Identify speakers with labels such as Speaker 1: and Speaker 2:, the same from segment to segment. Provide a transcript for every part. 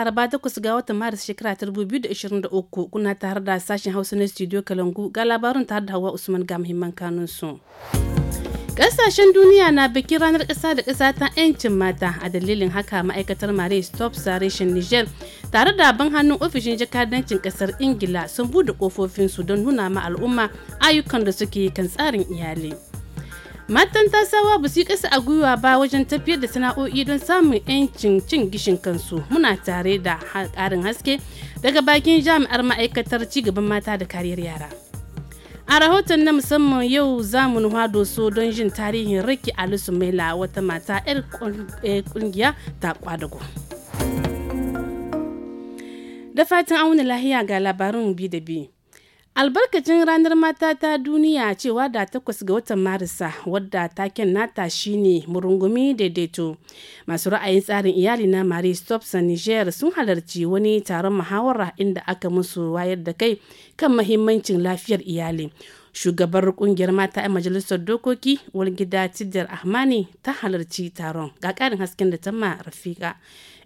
Speaker 1: laraba takwas ga watan maris shekara ta 2023 kuna tare da sashen hausa na studio kalangu ga labarin tare da hawa usman ga muhimman su kasashen duniya na bikin ranar ƙasa da ƙasa ta 'yancin mata a dalilin haka ma'aikatar mare stop sarishin niger tare da ban hannun ofishin jakadancin ƙasar ingila sun bude kofofinsu don nuna ma al'umma ayyukan da suke kan tsarin iyali. Matan tasawa ba su yi ƙasa a gwiwa ba wajen tafiyar da sana'o'i don samun 'yancin cin gishin kansu muna tare da ƙarin haske daga bakin jami'ar ma'aikatar cigaban mata da kariyar yara. A rahoton na musamman yau za mu nuhado so don jin tarihin Rikki alisu maila wata mata 'yar kungiya eh, ta kwadago. Da fatan auna lahiya ga labarin bi da bi. albarkacin ranar mata ta duniya cewa da takwas ga watan marisa wadda taken nata shine murungumi daidaito masu ra'ayin tsarin iyali na marie stops niger sun halarci wani taron muhawara inda aka musu wayar da kai kan mahimmancin lafiyar iyali shugabar kungiyar mata a majalisar dokoki walgida tidjar ahmani ta halarci taron ga ƙarin hasken da ta ma rafika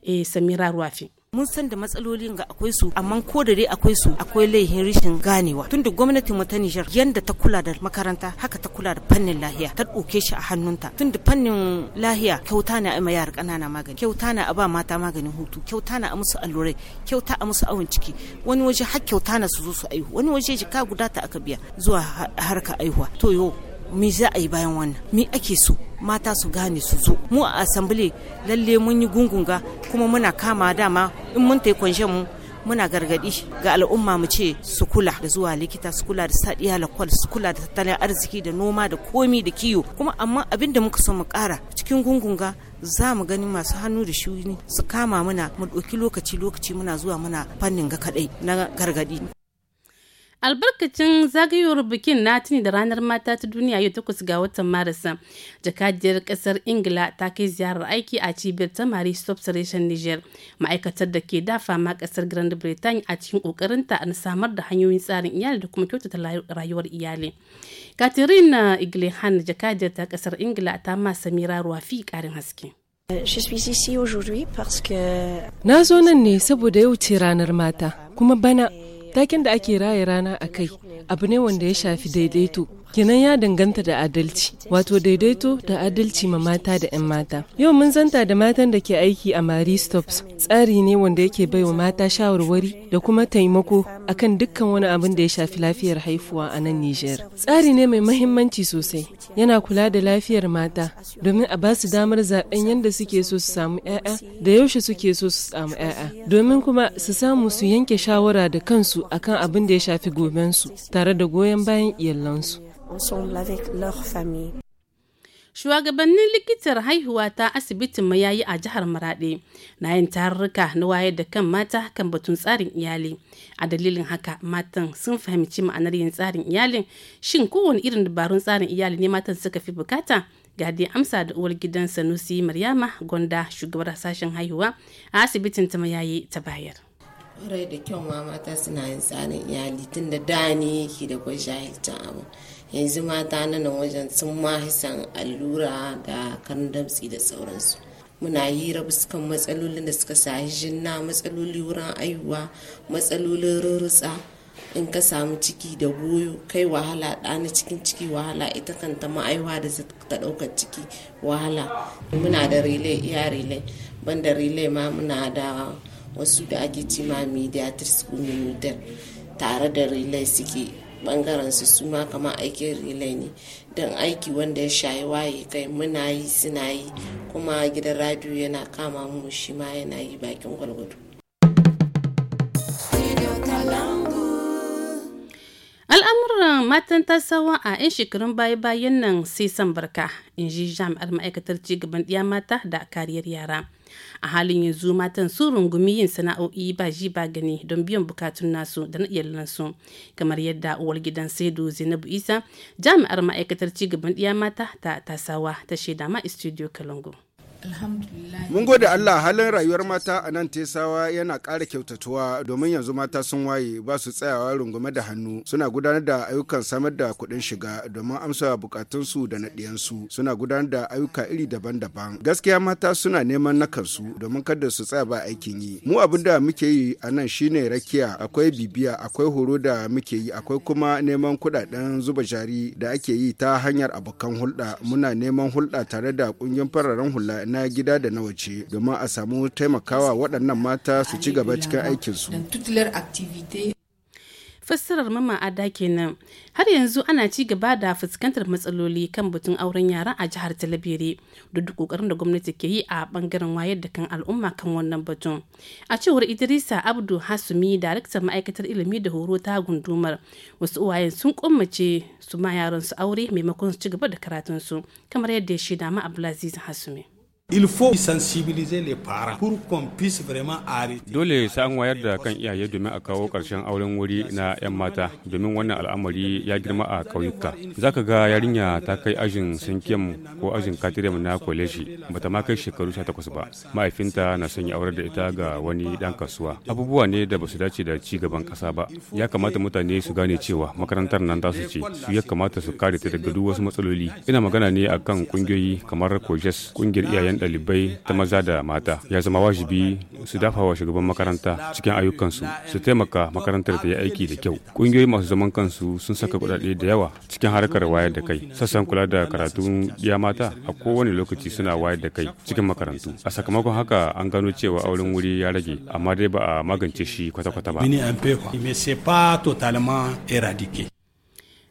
Speaker 1: e eh, samira ruwafi mun san da matsalolin ga akwai su amma ko da dai akwai su akwai laihin rishin ganewa tunda gwamnatin mu ta Nijar yanda ta kula da makaranta haka ta kula da fannin lahiya ta ɗauke shi a hannunta tunda fannin lahiya kyauta na ma yara ƙanana magani kyauta na a ba mata maganin hutu kyauta na a musu allurai kyauta a musu awon ciki wani waje har kyauta na su zo su aihu wani waje jika guda ta aka biya zuwa harka aihuwa to yo mi za a yi bayan wannan mi ake so mata su gane su zo mu a asambile lalle mun yi gungunga kuma muna kama dama in mun yi kwanshen mu muna gargadi ga al'umma mu ce su kula da zuwa likita su kula da sadiya kwal su kula da tattalin arziki da noma da komi da kiyo kuma amma abin da muka so mu kara cikin gungunga za mu gani masu hannu da shuni su kama muna mu ɗauki lokaci lokaci muna zuwa muna fannin ga kadai na gargadi albarkacin zagayowar bikin na tuni da ranar mata ta duniya yau takwas ga watan maris jakadiyar kasar ingila ta kai ziyarar aiki a cibiyar ta stop substation niger ma'aikatar da ke dafa ma kasar grand britain a cikin kokarin kokarinta na samar da hanyoyin tsarin iyali da kuma kyautata rayuwar iyali katerina iglehan jakadiyar ta kasar ingila ta ma samira ruwafi karin haske na zo nan ne saboda yau ce ranar mata kuma bana takin da ake raya rana a kai abu ne wanda ya shafi daidaito kenan ya danganta da adalci wato daidaito da adalci ma mata da 'yan mata yau mun zanta da matan da ke aiki a marie stops tsari ne wanda yake baiwa mata shawarwari da kuma taimako akan dukkan wani abin da ya shafi lafiyar haifuwa a nan Nijar. Tsari ne mai mahimmanci sosai, yana kula da lafiyar mata domin a basu damar zaben yadda suke so su samu 'ya'ya da yaushe suke so su samu 'ya'ya, domin kuma su samu su yanke shawara da kansu akan abin da ya shafi gobensu tare da goyon bayan iyalansu. shugabannin likitar haihuwa ta asibitin mayayi a jihar maraɗe na yin tarurruka na wayar da kan mata kan batun tsarin iyali a dalilin haka matan sun fahimci ma'anar yin tsarin iyalin shin kowane irin dabarun tsarin iyali ne matan suka fi bukata gadi amsa da uwar gidan sanusi maryama gonda shugabar sashen haihuwa a asibitin ta mayayi ta bayar rai da kyau ma mata suna yin tsarin iyali tunda da da ne da kwai jahilcin abu yanzu mata nan wajen sun ma hisan allura da karin damtsi da sauransu muna hira fuskan matsalolin da suka sahi jinna matsaloli wurin aihuwa matsalolin rurutsa in ka samu ciki da goyo kai wahala ɗana cikin ciki wahala ita kanta ma'aiwa da ta ɗaukar ciki wahala muna da relay iya ban banda rile ma muna da wasu da ake cima mediatrice tare da rile suke bangaren su su ma kamar aikin relay ne don aiki wanda ya shayi waye kai muna yi suna yi kuma gidan radio yana kama mu shi ma yana yi bakin gwalgwado al'amuran matan tasawa a 'yan shekarun baya-bayan nan sai san barka in ji jami'ar ma'aikatar cigaban ɗiya mata da kariyar yara a halin yanzu matan sun rungumi yin sana'o'i ba ji ba gani don biyan bukatun nasu da na iyalansu kamar yadda uwar gidan saidu zainabu isa jami'ar ma'aikatar cigaban ɗiya mata ta tasawa ta shaida ma studio kalungu
Speaker 2: Mun gode Allah halin rayuwar mata a nan Tesawa yana ƙara kyautatuwa domin yanzu mata sun waye ba su tsayawa rungume da hannu suna gudanar da ayyukan samar da kuɗin shiga domin amsa bukatunsu da naɗiyansu suna gudanar da ayyuka iri daban-daban. Gaskiya mata suna neman na kansu domin kada su tsaya ba aikin yi. Mu abin da muke yi a nan shine rakiya akwai bibiya akwai horo da muke yi akwai kuma neman kuɗaɗen zuba jari da ake yi ta hanyar abokan hulɗa muna neman hulɗa tare da ƙungiyar fararen hula na gida da na waje domin a samu taimakawa waɗannan mata su ci gaba cikin aikinsu.
Speaker 1: fassarar mama ada kenan har yanzu ana ci gaba da fuskantar matsaloli kan batun auren yara a jihar talabere duk kokarin da gwamnati ke yi a bangaren wayar da kan al'umma kan wannan batun a cewar idrisa abdu hasumi daraktan ma'aikatar ilimi da horo ta gundumar wasu uwayen sun kummace su ma yaransu su aure maimakon su ci gaba da karatunsu kamar yadda ya shaida ma abdulaziz hasumi
Speaker 3: Il faut sensibiliser les parents pour qu'on puisse vraiment arrêter. Dole sai an wayar da kan iyaye domin a kawo karshen auren wuri na 'yan mata domin wannan al'amari ya girma a kauyuka zaka ga yarinya ta kai ajin sinkiyam ko ajin katirem na kwaleji bata ma kai shekaru 18 ba. Mahaifinta na son ya aurar da ita ga wani dan kasuwa. Abubuwa ne da basu dace da ci gaban ƙasa ba. Ya kamata mutane su gane cewa makarantar nan su ce. Su ya kamata su kare ta daga duk wasu matsaloli. Ina magana ne akan ƙungiyoyi kamar Kojes, kungiyar iyayen tsakanin ɗalibai ta maza da mata ya zama wajibi su dafa wa shugaban makaranta cikin ayyukansu su taimaka makarantar ta yi aiki da kyau ƙungiyoyi masu zaman kansu sun saka kuɗaɗe da yawa cikin harkar wayar da kai sassan kula da karatun ya mata a kowane lokaci suna wayar da kai cikin makarantu a sakamakon haka an gano cewa auren wuri ya rage amma dai ba a magance shi kwata-kwata ba.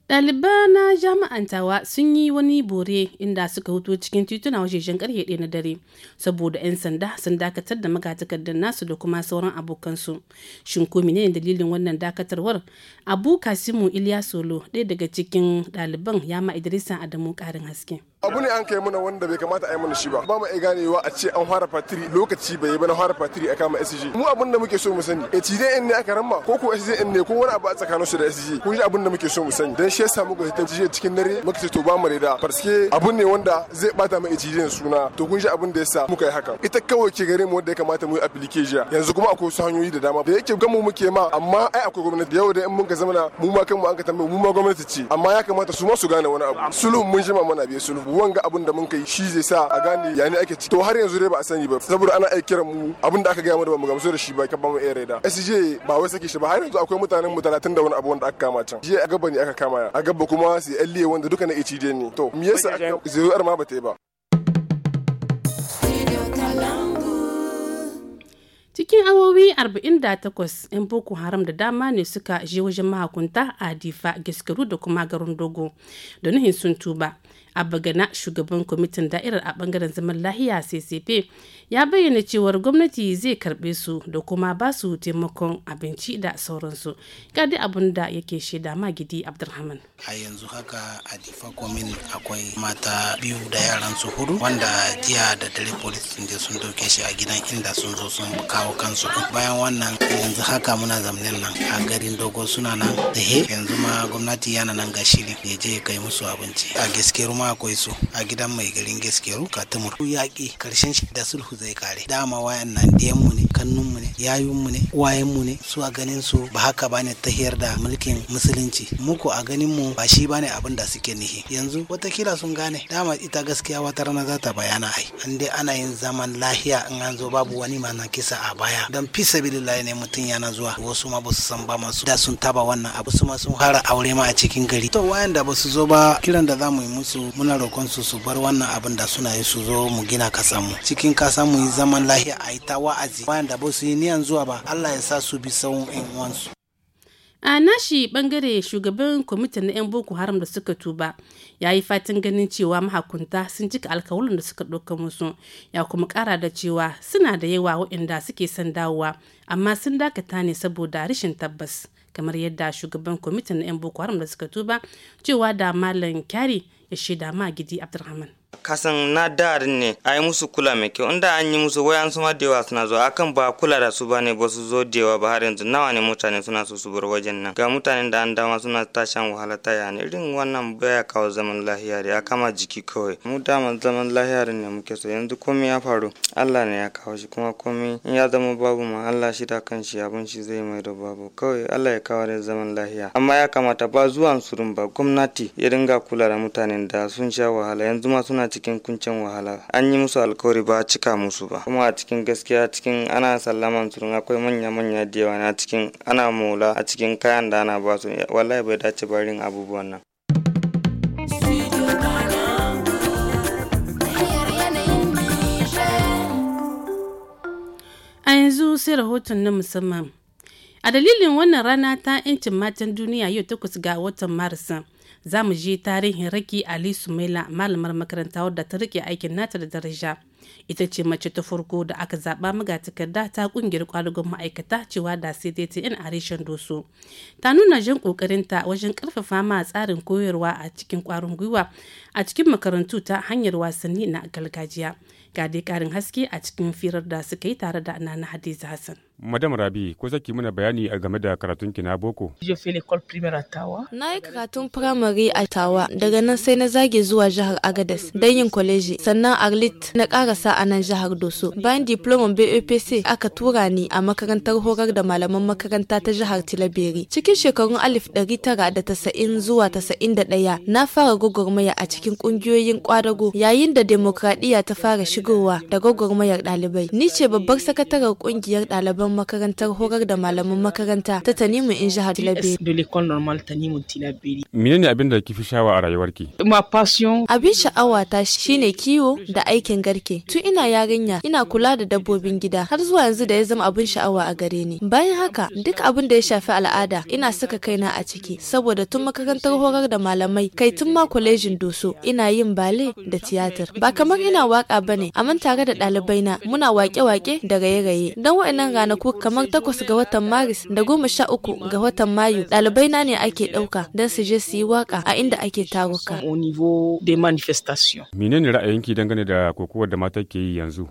Speaker 1: Ɗaliban na jami'an sun yi wani bore inda suka hutu cikin tituna wajejen karfe ɗaya na dare saboda 'yan sanda sun dakatar da magatakardar nasu da kuma sauran abokansu. Shin ko menene dalilin wannan dakatarwar? Abu Kasimu Ilyasolo ɗaya daga cikin ɗaliban ya ma Idrisa Adamu ƙarin haske.
Speaker 3: abu ne an kai mana wanda bai kamata a yi mana shi ba ba mu iya ganewa a ce an fara fatiri lokaci bai ba na fara fatiri a kama SG mu abin da muke so mu sani in ne aka ramma ko ko SGN ne ko wani abu a tsakanin su da SG kun ji abin da muke so mu sani dan shi samu muka hitan jiya cikin dare muka ce to ba mu reda farske abu ne wanda zai bata mu HDN suna to kun ji abin da yasa muka yi haka ita kawai ke gare mu wanda ya kamata mu yi application yanzu kuma akwai wasu hanyoyi da dama da yake gamu muke ma amma ai akwai gwamnati yau da in mun ka zama mu ma kanmu an ka tambaye mu ma gwamnati ce amma ya kamata su ma su gane wani abu sulhu mun jima mana biye sulhu wanga abin da mun kai shi zai sa a gane ya ne ake ci to har yanzu dai ba a sani ba saboda ana aiki kiran mu abin da aka gaya mu da bamu gamsu da shi ba ka bamu air da SJ ba wai sake shi ba har yanzu akwai mutanen mu 30 da wani abu wanda aka kama can je a gaba ne aka kama a gaba kuma sai LA wanda duka na ECD ne to me yasa zai yi ba ta yi ba
Speaker 1: cikin awowi 48 'yan boko haram da dama ne suka je wajen mahakunta a difa gaskaru da kuma garin dogo da nuhin sun tuba a abagana shugaban kwamitin da'irar a bangaren zaman lahiya ccp ya bayyana cewar gwamnati zai karbe su da kuma ba su taimakon abinci da sauransu ga dai abin da yake shaida ma gidi abdulrahman
Speaker 2: a yanzu haka a difa komin akwai mata biyu da yaran su hudu wanda jiya da dare police sun sun dauke shi a gidan inda sun zo sun kawo kansu bayan wannan yanzu haka muna zamanin nan a garin dogo suna nan da yanzu ma gwamnati yana nan ga shiri ya je kai musu abinci a gaskiyar kuma akwai su a gidan mai garin gaskeru katumur yaƙi karshen shi da sulhu zai kare dama wayan nan mu ne mu ne mu ne mu ne su a ganin su ba haka bane tahiyar da mulkin musulunci muku a ganin mu ba shi bane abin da suke nihi yanzu watakila sun gane dama ita gaskiya wata rana za ta bayana ai an dai ana yin zaman lahiya in an zo babu wani mana kisa a baya don fi sabilillahi ne mutum yana zuwa wasu ma su san ba masu da sun taba wannan abu su ma sun fara aure ma a cikin gari to wayan da basu zo ba kiran da zamu yi musu muna roƙon su su bar wannan abin da suna yi su zo mu gina kasa mu cikin kasa mu yi zaman lahiya a yi ta wa'azi bayan da ba su yi niyan zuwa ba Allah ya sa su bi sauran yan uwansu
Speaker 1: a nashi bangare shugaban kwamitin na 'yan boko haram da suka tuba ya yi fatan ganin cewa mahakunta sun cika alkawalin da suka ɗauka musu ya kuma ƙara da cewa suna da yawa waɗanda suke son dawowa amma sun dakata ne saboda rashin tabbas kamar yadda shugaban kwamitin na 'yan boko haram da suka tuba cewa da malam kyari shida gidi abdulrahman
Speaker 4: kasan na darin ne a yi musu kula mai kyau inda an yi musu wayan su ma da yawa suna zuwa akan ba kula da su ne ba su zo dewa ba har yanzu nawa ne mutane suna so su bar wajen nan ga mutanen da an dama suna tashan wahala ta yana irin wannan baya kawo zaman lahiya da ya kama jiki kawai mu dama zaman lahiya ne muke so yanzu komai ya faru Allah ne ya kawo shi kuma komai in ya zama babu ma Allah shi da kanshi abin shi zai mai da babu kawai Allah ya kawo da zaman lahiya amma ya kamata ba zuwan surun ba gwamnati ya dinga kula da mutanen da sun sha wahala yanzu ma suna suna cikin kuncin wahala an yi musu alkawari ba a cika musu ba kuma a cikin gaskiya cikin ana sallaman su akwai manya manya da yawa na cikin ana mola a cikin kayan da ana ba su wallahi bai dace barin abubuwan nan
Speaker 1: a yanzu sai rahoton na musamman a dalilin wannan rana ta 'yancin matan duniya yau takwas ga watan marisa za mu je tarihin raki ali sumaila malamar makaranta wadda ta rike aikin nata da daraja ita ce mace ta farko da aka zaba zaɓa takarda ta ƙungiyar ƙwalugon ma'aikata cewa da cdtn a reshen doso ta nuna jin ƙoƙarinta wajen ƙarfafa ma tsarin koyarwa a cikin ƙwarin gwiwa a cikin makarantu ta hanyar wasanni na gargajiya ga dai ƙarin haske a cikin firar da suka yi tare da nana hadiza hassan
Speaker 3: Madam Rabi, ko saki muna bayani a game da karatun ki na boko?
Speaker 1: Na yi karatun
Speaker 5: firamare a Tawa, daga nan sai na zage zuwa jihar Agadez don yin kwaleji, sannan Arlit na ƙara marasa a nan jihar Doso. Bayan diploma BAPC e aka tura ni a makarantar horar da malaman makaranta ta jihar Tilaberi. Cikin shekarun alif ɗari tara da tasa'in zuwa tasa'in da ɗaya na fara gwagwarmaya a cikin ƙungiyoyin ƙwadago yayin da demokradiyya ta fara shigowa da gwagwarmayar ɗalibai. Ni ce babbar sakataren ƙungiyar ɗaliban makarantar horar da malaman makaranta ta Tanimu in jihar Tilaberi.
Speaker 3: Menene abin da kifi shawa a rayuwarki?
Speaker 5: Ma passion. Abin sha'awata shine kiwo da aikin garke. Tun ina yarinya ina kula da dabbobin gida har zuwa yanzu da ya zama abin sha'awa a gare ni. Bayan haka duk abin da ya shafi al'ada ina saka kaina a ciki saboda tun makarantar horar da malamai kai tun ma kwalejin doso ina yin bale da tiyatar. Ba kamar ina waka bane amma tare da na muna wake-wake da raye-raye. Don wa'annan ranaku kamar takwas ga watan Maris da goma sha uku ga watan Mayu na ne ake ɗauka don su je su yi waka a inda ake taruka.
Speaker 3: Menene ra'ayinki dangane da kokowar da mata take yi yanzu?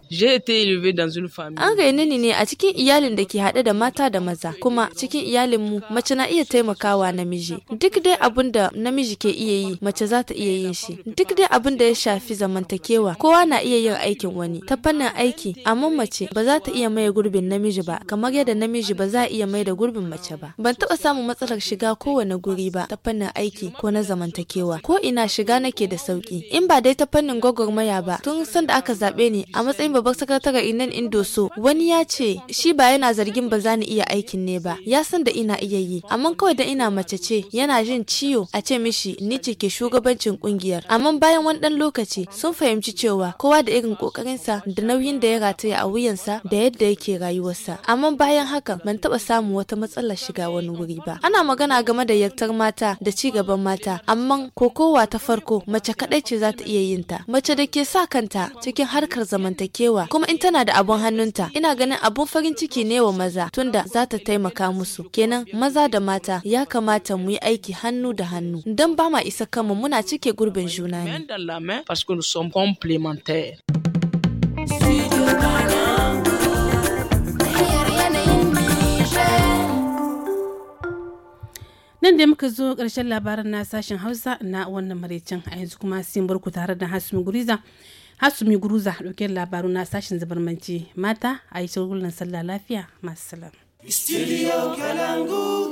Speaker 5: An raine ni ne a cikin iyalin da ke haɗe da mata da maza, kuma cikin iyalin mu mace na iya taimakawa namiji. Duk dai abin da namiji ke iya yi, mace za ta iya yin shi. Duk dai abin da ya shafi zamantakewa, kowa na iya yin aikin wani. Ta fannin aiki, amma mace ba za ta iya maye gurbin namiji ba, kamar yadda namiji ba za a iya maye da gurbin mace ba. Ban taɓa samun matsalar shiga kowane guri ba, ta fannin aiki ko na zamantakewa. Ko ina shiga nake da sauki. In ba dai ta fannin gwagwarmaya ba, tun sanda aka zaɓi zaɓe ni a matsayin babban sakataren inan indoso wani ya ce shi ba yana zargin ba za ni iya aikin ne ba ya san da ina iya yi amma kawai da ina mace ce yana jin ciwo a ce mishi ni ce ke shugabancin kungiyar amma bayan wani dan lokaci sun fahimci cewa kowa da irin kokarinsa da nauyin da ya rataya a wuyansa da yadda yake rayuwarsa amma bayan hakan ban taba samun wata matsalar shiga wani wuri ba ana magana game da yartar mata da ci gaban mata amma kokowa ta farko mace kadai ce za ta iya yin ta mace da ke sa kanta cikin har harkar zamantakewa kuma in tana da abun hannunta ina ganin abun farin ciki ne wa maza tunda za ta taimaka musu kenan maza da mata ya kamata mu yi aiki hannu da hannu don ba ma isa kanmu muna cike gurbin juna ne.
Speaker 1: nan da muka zo karshen labarin na sashen hausa na wannan maraicin a yanzu kuma sun barku tare da hasumi guriza hasumi guruza ɗauke labaru na sashen zabarmanci mata a yi shagulgulan sallah lafiya masu salam.
Speaker 2: Studio Kalangu.